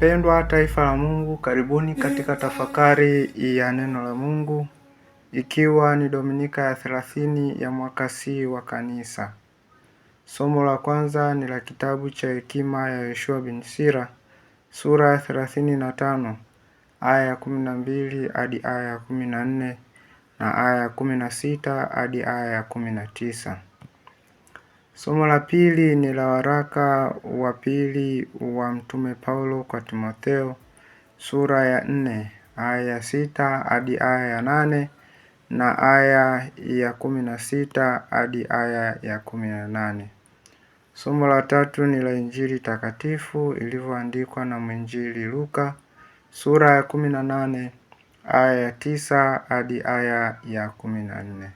Pendwa taifa la Mungu, karibuni katika tafakari ya neno la Mungu, ikiwa ni dominika ya thelathini ya mwaka C wa Kanisa. Somo la kwanza ni la kitabu cha Hekima ya Yoshua bin Sira, sura ya thelathini na tano aya ya kumi na mbili hadi aya ya kumi na nne na aya ya kumi na sita hadi aya ya kumi na tisa. Somo la pili ni la waraka wa pili wa Mtume Paulo kwa Timotheo sura ya nne aya ya sita hadi aya ya nane na aya ya kumi na sita hadi aya ya kumi na nane. Somo la tatu ni la Injili takatifu ilivyoandikwa na mwinjili Luka sura ya kumi na nane aya ya tisa hadi aya ya kumi na nne.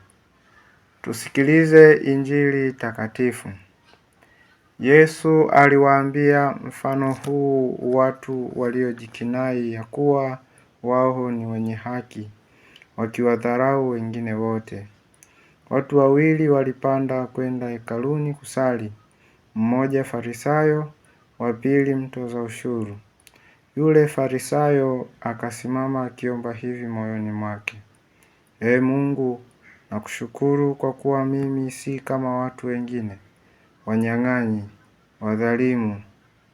Tusikilize Injili takatifu. Yesu aliwaambia mfano huu watu waliojikinai ya kuwa wao ni wenye haki, wakiwadharau wengine wote. Watu wawili walipanda kwenda hekaluni kusali, mmoja Farisayo, wa pili mtoza ushuru. Yule Farisayo akasimama akiomba hivi moyoni mwake, Ee Mungu, Nakushukuru kwa kuwa mimi si kama watu wengine, wanyang'anyi, wadhalimu,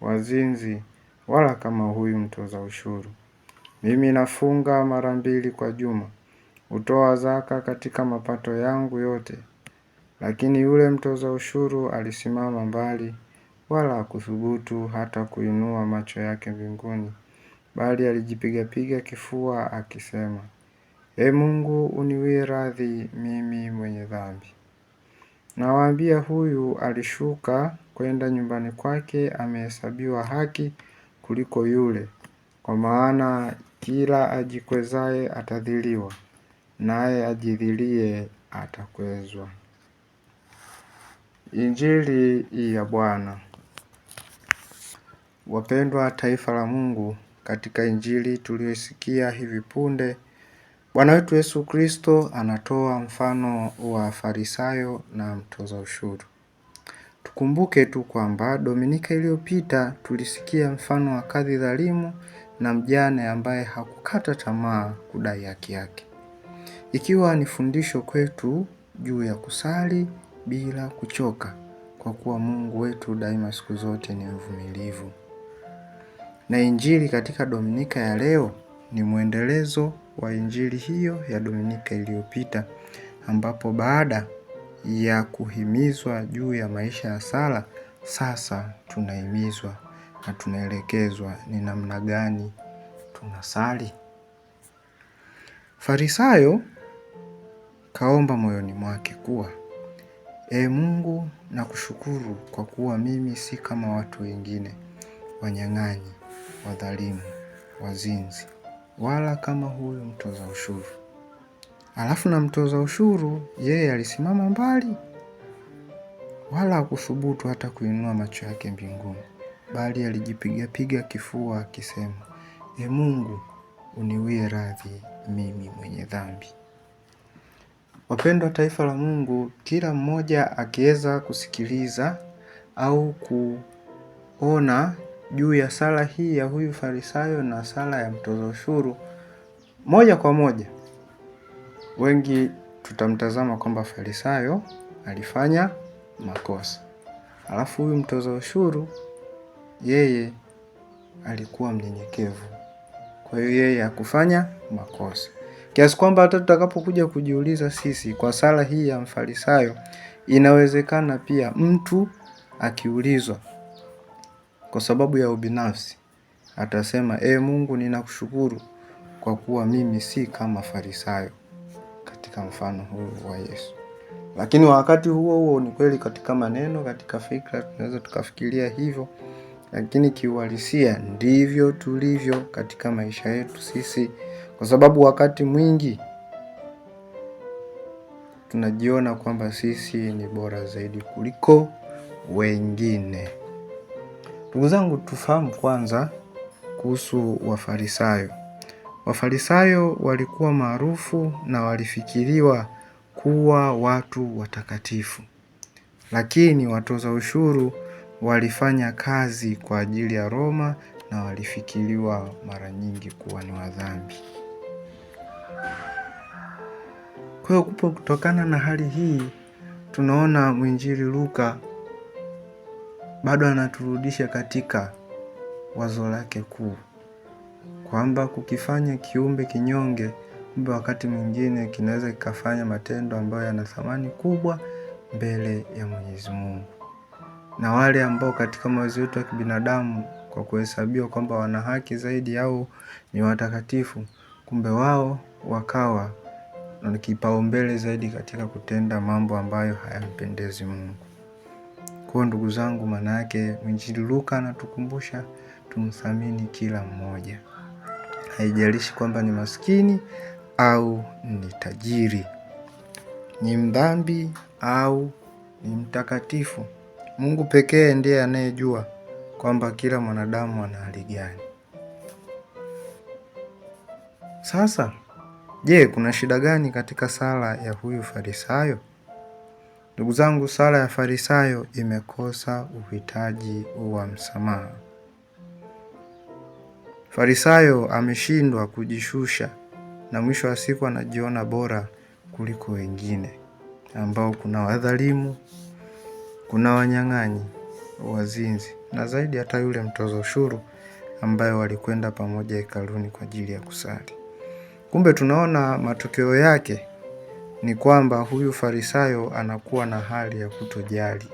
wazinzi, wala kama huyu mtoza ushuru. Mimi nafunga mara mbili kwa juma, hutoa zaka katika mapato yangu yote. Lakini yule mtoza ushuru alisimama mbali, wala hakuthubutu hata kuinua macho yake mbinguni, bali alijipigapiga kifua akisema, e Mungu, uniwie radhi mimi mwenye dhambi. Nawaambia, huyu alishuka kwenda nyumbani kwake amehesabiwa haki kuliko yule, kwa maana kila ajikwezaye atadhiliwa, naye ajidhilie atakwezwa. Injili ya Bwana. Wapendwa taifa la Mungu, katika injili tuliyoisikia hivi punde Bwana wetu Yesu Kristo anatoa mfano wa Farisayo na mtoza ushuru. Tukumbuke tu kwamba Dominika iliyopita tulisikia mfano wa kadhi dhalimu na mjane ambaye hakukata tamaa kudai haki yake, ikiwa ni fundisho kwetu juu ya kusali bila kuchoka, kwa kuwa Mungu wetu daima siku zote ni mvumilivu. Na Injili katika Dominika ya leo ni mwendelezo wa Injili hiyo ya Dominika iliyopita, ambapo baada ya kuhimizwa juu ya maisha ya sala, sasa tunahimizwa na tunaelekezwa ni namna gani tunasali. Farisayo kaomba moyoni mwake kuwa Ee Mungu, nakushukuru kwa kuwa mimi si kama watu wengine, wanyang'anyi, wadhalimu, wazinzi wala kama huyu mtoza ushuru. Alafu na mtoza ushuru yeye alisimama mbali, wala hakuthubutu hata kuinua macho yake mbinguni, bali alijipigapiga kifua akisema, E Mungu, uniwie radhi mimi mwenye dhambi. Wapendwa taifa la Mungu, kila mmoja akiweza kusikiliza au kuona juu ya sala hii ya huyu Farisayo na sala ya mtoza ushuru moja kwa moja, wengi tutamtazama kwamba Farisayo alifanya makosa, alafu huyu mtoza ushuru yeye alikuwa mnyenyekevu, kwa hiyo yeye hakufanya makosa, kiasi kwamba hata tutakapokuja kujiuliza sisi kwa sala hii ya Mfarisayo, inawezekana pia mtu akiulizwa kwa sababu ya ubinafsi. Atasema, e Mungu, ninakushukuru kwa kuwa mimi si kama Farisayo katika mfano huu wa Yesu. Lakini wakati huo huo, ni kweli katika maneno, katika fikra tunaweza tukafikiria hivyo, lakini kiuhalisia ndivyo tulivyo katika maisha yetu sisi, kwa sababu wakati mwingi tunajiona kwamba sisi ni bora zaidi kuliko wengine. Ndugu zangu, tufahamu kwanza kuhusu Wafarisayo. Wafarisayo walikuwa maarufu na walifikiriwa kuwa watu watakatifu, lakini watoza ushuru walifanya kazi kwa ajili ya Roma na walifikiriwa mara nyingi kuwa ni wadhambi. Kwa hiyo kupo, kutokana na hali hii tunaona mwinjili Luka bado anaturudisha katika wazo lake kuu kwamba kukifanya kiumbe kinyonge, kumbe wakati mwingine kinaweza kikafanya matendo ambayo yana thamani kubwa mbele ya Mwenyezi Mungu. Na wale ambao katika mawazo yetu ya kibinadamu kwa kuhesabiwa kwamba wana haki zaidi au ni watakatifu, kumbe wao wakawa na kipaumbele zaidi katika kutenda mambo ambayo hayampendezi Mungu. Kwa ndugu zangu, yake Mwinjili Luka anatukumbusha tumthamini kila mmoja, haijalishi kwamba ni maskini au ni tajiri, ni mdhambi au ni mtakatifu. Mungu pekee ndiye anayejua kwamba kila mwanadamu ana hali gani. Sasa, je, kuna shida gani katika sala ya huyu Farisayo? Ndugu zangu, sala ya Farisayo imekosa uhitaji wa msamaha. Farisayo ameshindwa kujishusha na mwisho wa siku anajiona bora kuliko wengine ambao kuna wadhalimu, kuna wanyang'anyi, wazinzi na zaidi hata yule mtoza ushuru ambaye walikwenda pamoja hekaluni kwa ajili ya kusali. Kumbe tunaona matokeo yake ni kwamba huyu Farisayo anakuwa na hali ya kutojali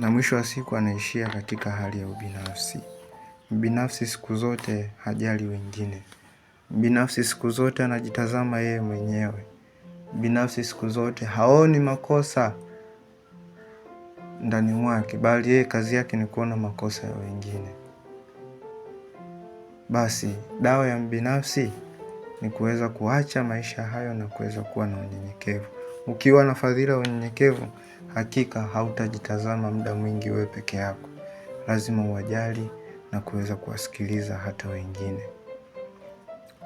na mwisho wa siku anaishia katika hali ya ubinafsi. Mbinafsi siku zote hajali wengine. Binafsi siku zote anajitazama yeye mwenyewe. Binafsi siku zote haoni makosa ndani mwake, bali yeye kazi yake ni kuona makosa ya wengine. Basi dawa ya mbinafsi ni kuweza kuacha maisha hayo na kuweza kuwa na unyenyekevu. Ukiwa na fadhila ya unyenyekevu, hakika hautajitazama muda mwingi wewe peke yako, lazima uwajali na kuweza kuwasikiliza hata wengine.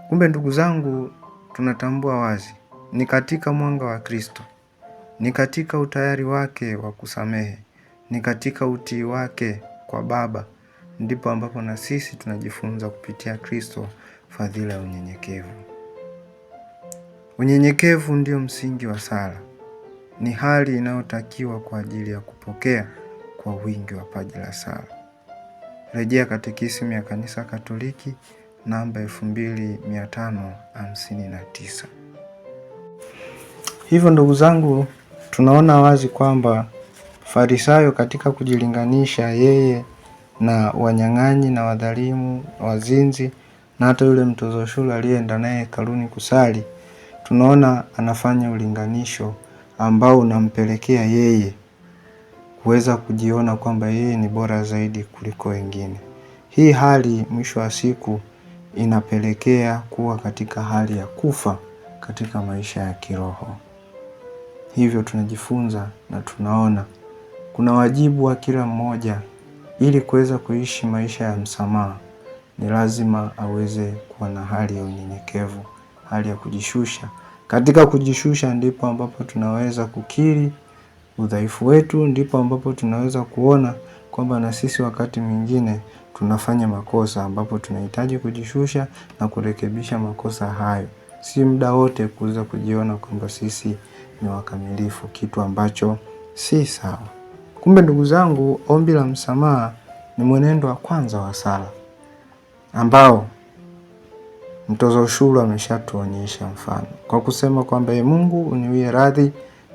Kumbe ndugu zangu, tunatambua wazi ni katika mwanga wa Kristo, ni katika utayari wake wa kusamehe, ni katika utii wake kwa Baba ndipo ambapo na sisi tunajifunza kupitia Kristo fadhila ya unyenyekevu. Unyenyekevu ndio msingi wa sala, ni hali inayotakiwa kwa ajili ya kupokea kwa wingi wa paji la sala. Rejea Katekisimu ya Kanisa Katoliki namba 2559. Hivyo ndugu zangu, tunaona wazi kwamba Farisayo katika kujilinganisha yeye na wanyang'anyi na wadhalimu, wazinzi na hata yule mtoza shule aliyeenda naye hekaluni kusali, tunaona anafanya ulinganisho ambao unampelekea yeye kuweza kujiona kwamba yeye ni bora zaidi kuliko wengine. Hii hali mwisho wa siku inapelekea kuwa katika hali ya kufa katika maisha ya kiroho. Hivyo tunajifunza na tunaona kuna wajibu wa kila mmoja ili kuweza kuishi maisha ya msamaha ni lazima aweze kuwa na hali ya unyenyekevu, hali ya kujishusha. Katika kujishusha ndipo ambapo tunaweza kukiri udhaifu wetu, ndipo ambapo tunaweza kuona kwamba na sisi wakati mwingine tunafanya makosa, ambapo tunahitaji kujishusha na kurekebisha makosa hayo. Si muda wote kuweza kujiona kwamba sisi ni wakamilifu, kitu ambacho si sawa. Kumbe ndugu zangu, ombi la msamaha ni mwenendo wa kwanza wa sala ambao mtoza ushuru ameshatuonyesha mfano kwa kusema kwamba e Mungu uniwie radhi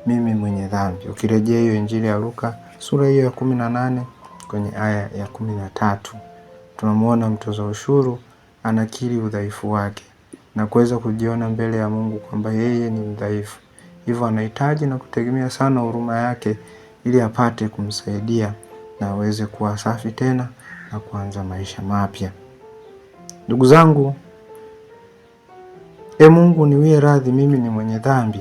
mimi mwenye dhambi. Ukirejea hiyo Injili ya Luka sura hiyo ya kumi na nane kwenye aya ya kumi na tatu tunamwona mtoza ushuru anakiri udhaifu wake na kuweza kujiona mbele ya Mungu kwamba yeye ni mdhaifu, hivyo anahitaji na kutegemea sana huruma yake ili apate kumsaidia na aweze kuwa safi tena na kuanza maisha mapya. Ndugu zangu, e Mungu niwie radhi, mimi ni mwenye dhambi.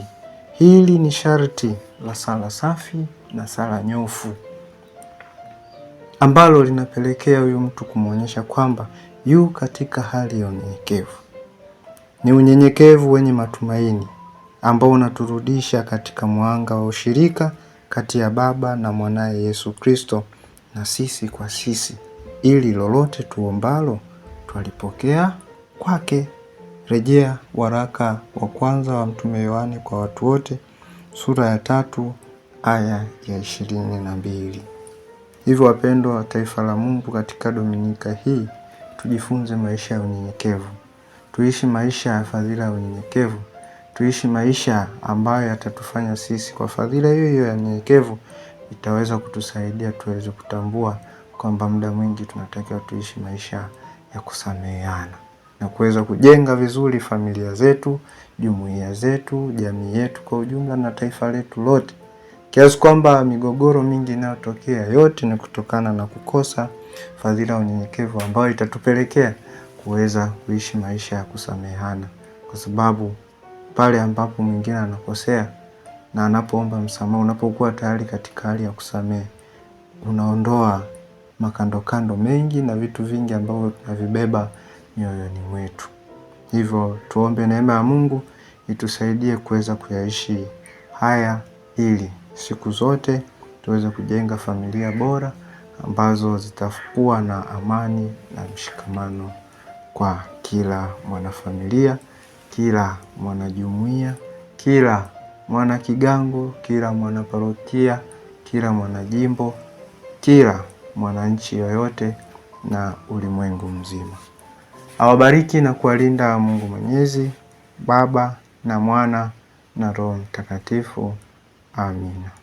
Hili ni sharti la sala safi na sala nyofu ambalo linapelekea huyu mtu kumwonyesha kwamba yu katika hali ya unyenyekevu. Ni unyenyekevu wenye matumaini ambao unaturudisha katika mwanga wa ushirika kati ya Baba na mwanaye Yesu Kristo na sisi kwa sisi, ili lolote tuombalo twalipokea kwake. Rejea waraka wa kwanza wa Mtume Yohane kwa watu wote sura ya tatu aya ya ishirini na mbili. Hivyo wapendwa wa taifa la Mungu, katika dominika hii tujifunze maisha ya unyenyekevu, tuishi maisha ya fadhila ya unyenyekevu, tuishi maisha ambayo yatatufanya sisi, kwa fadhila hiyo hiyo ya unyenyekevu, itaweza kutusaidia tuweze kutambua kwamba muda mwingi tunatakiwa tuishi maisha ya kusameheana na kuweza kujenga vizuri familia zetu, jumuiya zetu, jamii yetu kwa ujumla na taifa letu lote, kiasi kwamba migogoro mingi inayotokea yote ni kutokana na kukosa fadhila ya unyenyekevu, ambayo itatupelekea kuweza kuishi maisha ya kusamehana, kwa sababu pale ambapo mwingine anakosea na anapoomba msamaha, unapokuwa tayari katika hali ya kusamehe, unaondoa makandokando mengi na vitu vingi ambavyo tunavibeba mioyoni mwetu. Hivyo tuombe neema ya Mungu itusaidie kuweza kuyaishi haya ili siku zote tuweze kujenga familia bora ambazo zitakuwa na amani na mshikamano kwa kila mwanafamilia, kila mwanajumuiya, kila mwanakigango, kila mwanaparokia, kila mwanajimbo, kila mwananchi yoyote na ulimwengu mzima. Awabariki na kuwalinda Mungu Mwenyezi, Baba na Mwana na Roho Mtakatifu. Amina.